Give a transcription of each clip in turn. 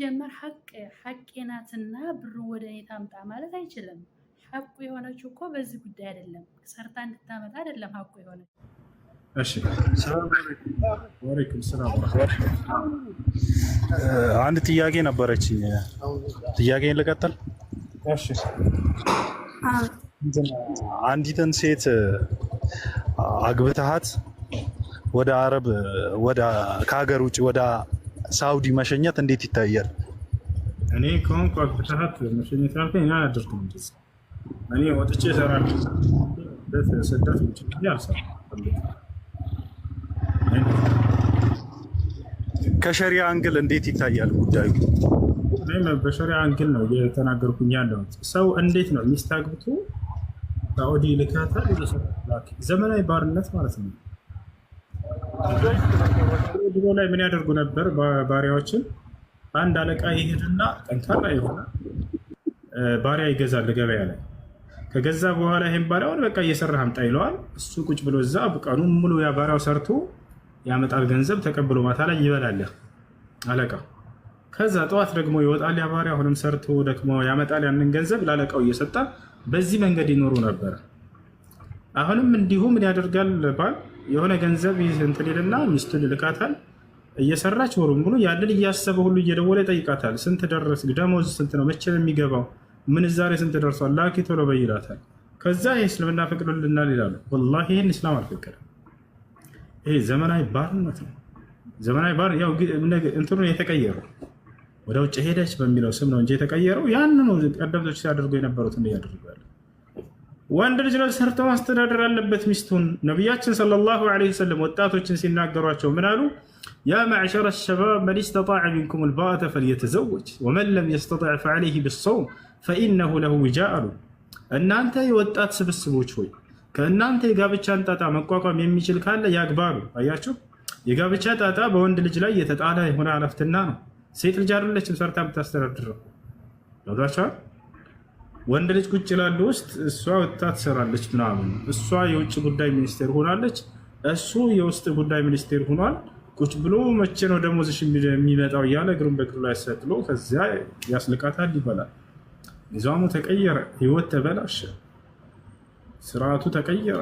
ሲጀመር ሀቅ ሀቄ ናትና ብሩ ወደ እኔ ታምጣ ማለት አይችልም። ሀቁ የሆነችው እኮ በዚህ ጉዳይ አይደለም፣ ሰርታ እንድታመጣ አይደለም ሀቁ የሆነችው። አንድ ጥያቄ ነበረችኝ። ጥያቄን ልቀጥል። አንዲትን ሴት አግብተሃት ወደ አረብ ከሀገር ውጭ ወደ ሳውዲ መሸኘት እንዴት ይታያል? እኔ ከሆንኩ አብድርሃት መሸኘት ያልከኝ እኔ አላደርግም። እኔ ወጥቼ እሰራለሁ። ስደት ውጭ አልሰራም። ከሸሪያ አንግል እንዴት ይታያል ጉዳዩ? በሸሪያ አንግል ነው እየተናገርኩኝ ያለሁት። ሰው እንዴት ነው ሚስት አግብቶ ሳኡዲ ልካታ ዘመናዊ ባርነት ማለት ነው ድሮ ላይ ምን ያደርጉ ነበር? ባሪያዎችን አንድ አለቃ ይሄድና ጠንካራ የሆነ ባሪያ ይገዛል ገበያ ላይ። ከገዛ በኋላ ይሄን ባሪያውን በቃ እየሰራህ አምጣ ይለዋል። እሱ ቁጭ ብሎ እዛ ቀኑን ሙሉ ያ ባሪያው ሰርቶ ያመጣል ገንዘብ ተቀብሎ ማታ ላይ ይበላለህ አለቃ። ከዛ ጠዋት ደግሞ ይወጣል ያ ባሪያ አሁንም ሰርቶ ደግሞ ያመጣል ያንን ገንዘብ ለአለቃው እየሰጣ በዚህ መንገድ ይኖሩ ነበር። አሁንም እንዲሁ ምን ያደርጋል ባል የሆነ ገንዘብ እንትን ይልና ሚስቱን ይልካታል። እየሰራች ወሩም ብሎ ያንን እያሰበ ሁሉ እየደወለ ይጠይቃታል። ስንት ደረስ? ደሞዝ ስንት ነው? መቼ ነው የሚገባው? ምንዛሬ ስንት ደርሷል? ላኪ ቶሎ በይ ይላታል። ከዛ ይህ እስልምና ፈቅዶልናል ይላሉ። ወላሂ ይህን እስላም አልፈቀደም። ይሄ ዘመናዊ ባርነት ነው። ዘመናዊ ባር እንትኑ የተቀየረው ወደ ውጭ ሄደች በሚለው ስም ነው እንጂ የተቀየረው ያንኑ ቀደምቶች ሲያደርጉ የነበሩትን ያለ ወንድ ልጅ ሰርቶ ማስተዳደር አለበት ሚስቱን። ነቢያችን ሰለላሁ ዐለይሂ ወሰለም ወጣቶችን ሲናገሯቸው ምን አሉ? ያ መዕሸረ ሸባብ መን ስተጣዐ ሚንኩም ልባአተ ፈልየተዘወጅ ወመን ለም የስተጣዕ ፈዐለይህ ብሰውም ፈኢነሁ ለሁ ዊጃ አሉ። እናንተ የወጣት ስብስቦች ሆይ ከእናንተ የጋብቻን ጣጣ መቋቋም የሚችል ካለ ያግባሉ። አያችሁ፣ የጋብቻ ጣጣ በወንድ ልጅ ላይ የተጣለ የሆነ አላፍትና ነው። ሴት ልጅ አይደለችም ሰርታ የምታስተዳድረው። ወንድ ልጅ ቁጭ ላለ ውስጥ እሷ ወጥታ ትሰራለች ምናምን። እሷ የውጭ ጉዳይ ሚኒስቴር ሆናለች፣ እሱ የውስጥ ጉዳይ ሚኒስቴር ሆኗል። ቁጭ ብሎ መቼ ነው ደሞዝሽ የሚመጣው እያለ እግሩን በእግሩ ላይ ሰጥሎ ከዚያ ያስልቃታል፣ ይበላል። ኒዛሙ ተቀየረ፣ ህይወት ተበላሸ፣ ስርዓቱ ተቀየረ።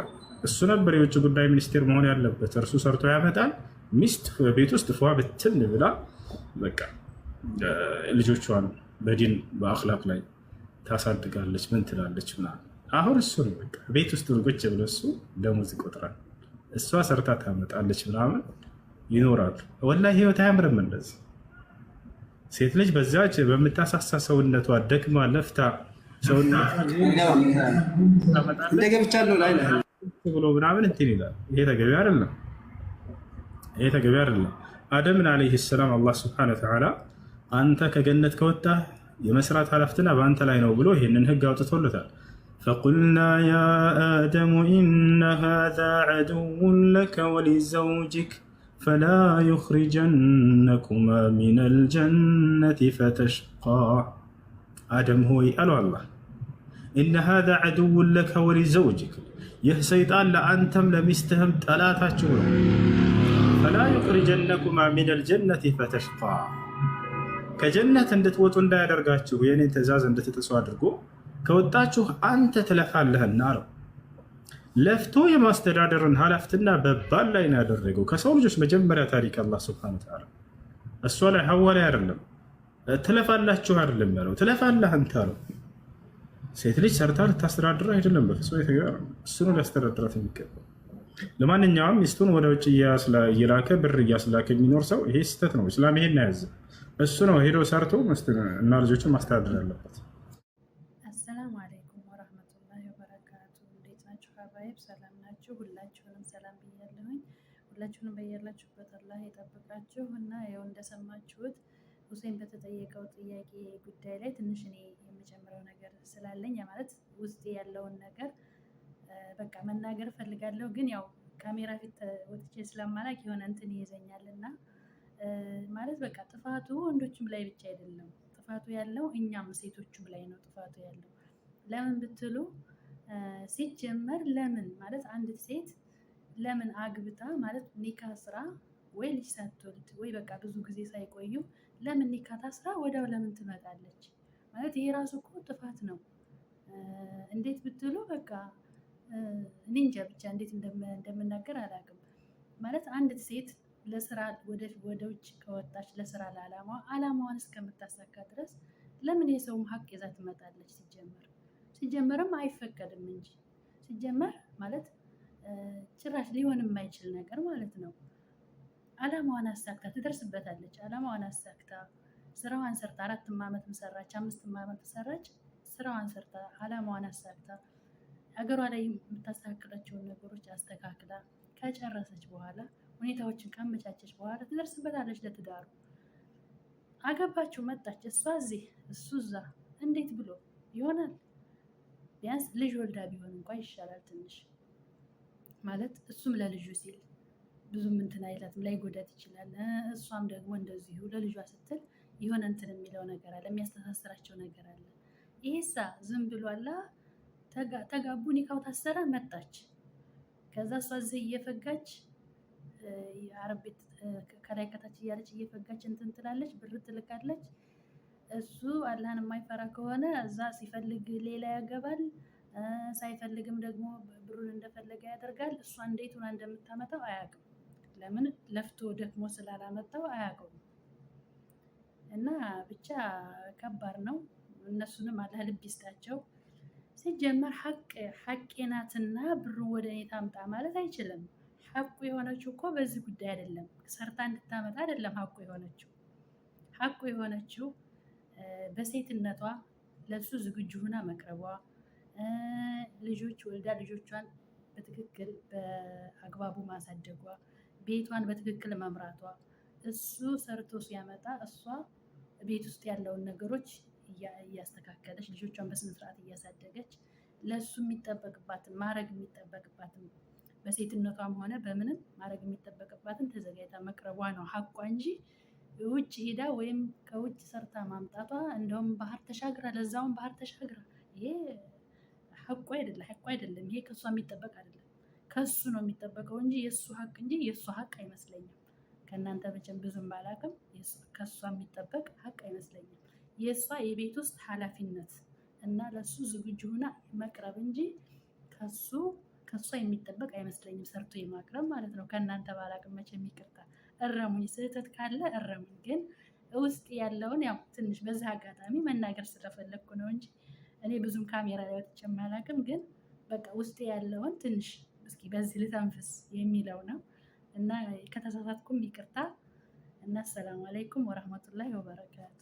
እሱ ነበር የውጭ ጉዳይ ሚኒስቴር መሆን ያለበት። እርሱ ሰርቶ ያመጣል። ሚስት ቤት ውስጥ ፏ ብትን ብላ በቃ ልጆቿን በዲን በአክላቅ ላይ ታሳድጋለች፣ ምን ትላለች ምናምን። አሁን እሱ ነው በቃ ቤት ውስጥ ቁጭ ብሎ እሱ ደሞዝ ይቆጥራል፣ እሷ ሰርታ ታመጣለች ምናምን ይኖራሉ። ወላሂ ህይወት አያምርም እንደዚህ። ሴት ልጅ በዚያች በምታሳሳ ሰውነቷ ደግማ ለፍታ ሰውነቷ ብሎ ምናምን እንትን ይላል። ይሄ ተገቢ አይደለም። ይሄ ተገቢ አይደለም። አደምን ዓለይሂ ሰላም አላህ ስብሐነ ወተዓላ አንተ ከገነት ከወጣህ የመስራት ኃላፊነትና በአንተ ላይ ነው ብሎ ይህንን ህግ አውጥቶለታል። ፈቁልና ያ አደሙ ኢነ ሃዛ ዐዱውን ለከ ወሊዘውጅክ ፈላ ዩኽሪጀነኩማ ሚነል ጀነቲ ፈተሽቃ። አደም ሆይ አሉ አላህ ኢነ ሃዛ ዐዱውን ለከ ወሊዘውጅክ፣ ይህ ሰይጣን ለአንተም ለሚስትህም ጠላታችሁ ነው። ፈላ ዩኽሪጀነኩማ ሚነል ጀነቲ ፈተሽቃ ከጀነት እንድትወጡ እንዳያደርጋችሁ የእኔን ትእዛዝ እንድትጥሱ አድርጎ ከወጣችሁ አንተ ትለፋለህና አለው። ለፍቶ የማስተዳደርን ኃላፊነትና በባል ላይ ነው ያደረገው። ከሰው ልጆች መጀመሪያ ታሪክ አላህ ሱብሓነሁ ወተዓላ እሷ ላይ ሐዋ ላይ አይደለም። ትለፋላችሁ አይደለም ያለው፣ ትለፋለህ አንተ አለው። ሴት ልጅ ሰርታ ልታስተዳድር አይደለም በፍጹም የተገ እሱኑ ሊያስተዳድራት የሚገባው ለማንኛውም ሚስቱን ወደ ውጭ እየላከ ብር እያስላከ የሚኖር ሰው ይሄ ስህተት ነው። ስላም ይሄን ያዘ። እሱ ነው ሄዶ ሰርቶ እና ልጆችን ማስተዳደር ያለበት። አሰላሙ አለይኩም ወረህመቱላሂ ወበረካቱ። እንዴት ናችሁ? ሀባይብ ሰላም ናችሁ? ሁላችሁንም ሰላም ብያለሁኝ። ሁላችሁንም በያላችሁበት አላህ የጠብቃችሁ እና ያው እንደሰማችሁት ሁሴን በተጠየቀው ጥያቄ ጉዳይ ላይ ትንሽ እኔ የሚጨምረው ነገር ስላለኝ ማለት ውስጥ ያለውን ነገር በቃ መናገር ፈልጋለሁ፣ ግን ያው ካሜራ ፊት ወጥቼ ስለማላክ የሆነ እንትን ይይዘኛል እና ማለት በቃ ጥፋቱ ወንዶችም ላይ ብቻ አይደለም ጥፋቱ ያለው እኛም ሴቶችም ላይ ነው ጥፋቱ ያለው። ለምን ብትሉ ሲጀመር ለምን ማለት አንዲት ሴት ለምን አግብታ ማለት ኒካ ስራ ወይ ልጅ ሳትወልድ ወይ በቃ ብዙ ጊዜ ሳይቆዩ ለምን ኒካ ታስራ ወዲያው ለምን ትመጣለች? ማለት ይሄ ራሱ እኮ ጥፋት ነው። እንዴት ብትሉ በቃ እኔ እንጃ ብቻ እንዴት እንደምናገር አላውቅም። ማለት አንድ ሴት ለስራ ወደ ውጭ ከወጣች ለስራ ለዓላማ ዓላማዋን እስከምታሳካ ድረስ ለምን የሰውም ሀቅ ይዛ ትመጣለች? ሲጀመር ሲጀመርም አይፈቀድም እንጂ ሲጀመር ማለት ጭራሽ ሊሆን የማይችል ነገር ማለት ነው። ዓላማዋን አሳክታ ትደርስበታለች። ዓላማዋን አሳክታ ስራዋን ሰርታ አራትም ዓመት ሰራች፣ አምስትም ዓመት ሰራች፣ ስራዋን ሰርታ ዓላማዋን አሳክታ ሀገሯ ላይ የምታስተካክላቸውን ነገሮች አስተካክላ ከጨረሰች በኋላ ሁኔታዎችን ካመቻቸች በኋላ ትደርስበታለች ለትዳሩ። አገባችው፣ መጣች፣ እሷ እዚህ እሱ እዛ፣ እንዴት ብሎ ይሆናል? ቢያንስ ልጅ ወልዳ ቢሆን እንኳን ይሻላል። ትንሽ ማለት እሱም ለልጁ ሲል ብዙም እንትን አይላትም፣ ላይ ጎዳት ይችላል። እሷም ደግሞ እንደዚሁ ለልጇ ስትል የሆነ እንትን የሚለው ነገር አለ፣ የሚያስተሳስራቸው ነገር አለ። ይሄሳ ዝም ብሏላ ተጋቡ፣ ኒካው ታሰረ፣ መጣች። ከዛ እሷ እዚህ እየፈጋች የአረብ ቤት ከላይ ከታች እያለች እየፈጋች እንትን ትላለች፣ ብር ትልካለች። እሱ አላህን የማይፈራ ከሆነ እዛ ሲፈልግ ሌላ ያገባል፣ ሳይፈልግም ደግሞ ብሩን እንደፈለገ ያደርጋል። እሷ እንዴት ሆና እንደምታመጣው አያውቅም። ለምን ለፍቶ ደክሞ ስላላመጣው አያውቀውም። እና ብቻ ከባድ ነው። እነሱንም አላህ ልብ ይስጣቸው። ሲጀመር ሀቅ ሀቄ ናትና ብሩ ወደ እኔ ታምጣ ማለት አይችልም። ሀቁ የሆነችው እኮ በዚህ ጉዳይ አይደለም፣ ሰርታ እንድታመጣ አይደለም ሀቁ የሆነችው ሀቁ የሆነችው በሴትነቷ ለሱ ዝግጁ ሆና መቅረቧ፣ ልጆች ወልዳ ልጆቿን በትክክል በአግባቡ ማሳደጓ፣ ቤቷን በትክክል መምራቷ፣ እሱ ሰርቶ ሲያመጣ እሷ ቤት ውስጥ ያለውን ነገሮች እያስተካከለች ልጆቿን በስነስርዓት እያሳደገች ለሱ የሚጠበቅባትን ማድረግ የሚጠበቅባትን በሴትነቷም ሆነ በምንም ማድረግ የሚጠበቅባትን ተዘጋጅታ መቅረቧ ነው ሀቋ እንጂ ውጭ ሄዳ ወይም ከውጭ ሰርታ ማምጣቷ እንደውም ባህር ተሻግራ ለዛውም ባህር ተሻግራ ይሄ ሀቁ አይደለ ሀቁ አይደለም። ይሄ ከእሷ የሚጠበቅ አይደለም። ከሱ ነው የሚጠበቀው እንጂ የእሱ ሀቅ እንጂ የእሱ ሀቅ አይመስለኝም። ከእናንተ መቼም ብዙም ባላቅም ከእሷ የሚጠበቅ ሀቅ አይመስለኝም። የእሷ የቤት ውስጥ ኃላፊነት እና ለሱ ዝግጁ ሆና መቅረብ እንጂ ከሱ ከእሷ የሚጠበቅ አይመስለኝም። ሰርቶ የማቅረብ ማለት ነው። ከእናንተ ባላቅም መቼም ይቅርታ እረሙኝ፣ ስህተት ካለ እረሙኝ። ግን ውስጥ ያለውን ያው ትንሽ በዚህ አጋጣሚ መናገር ስለፈለግኩ ነው እንጂ እኔ ብዙም ካሜራ ላይ ወጥቼ አላቅም። ግን በቃ ውስጥ ያለውን ትንሽ እስኪ በዚህ ልተንፍስ የሚለው ነው እና ከተሳሳትኩም ይቅርታ እና አሰላሙ አለይኩም ወረህመቱላሂ ወበረካቱ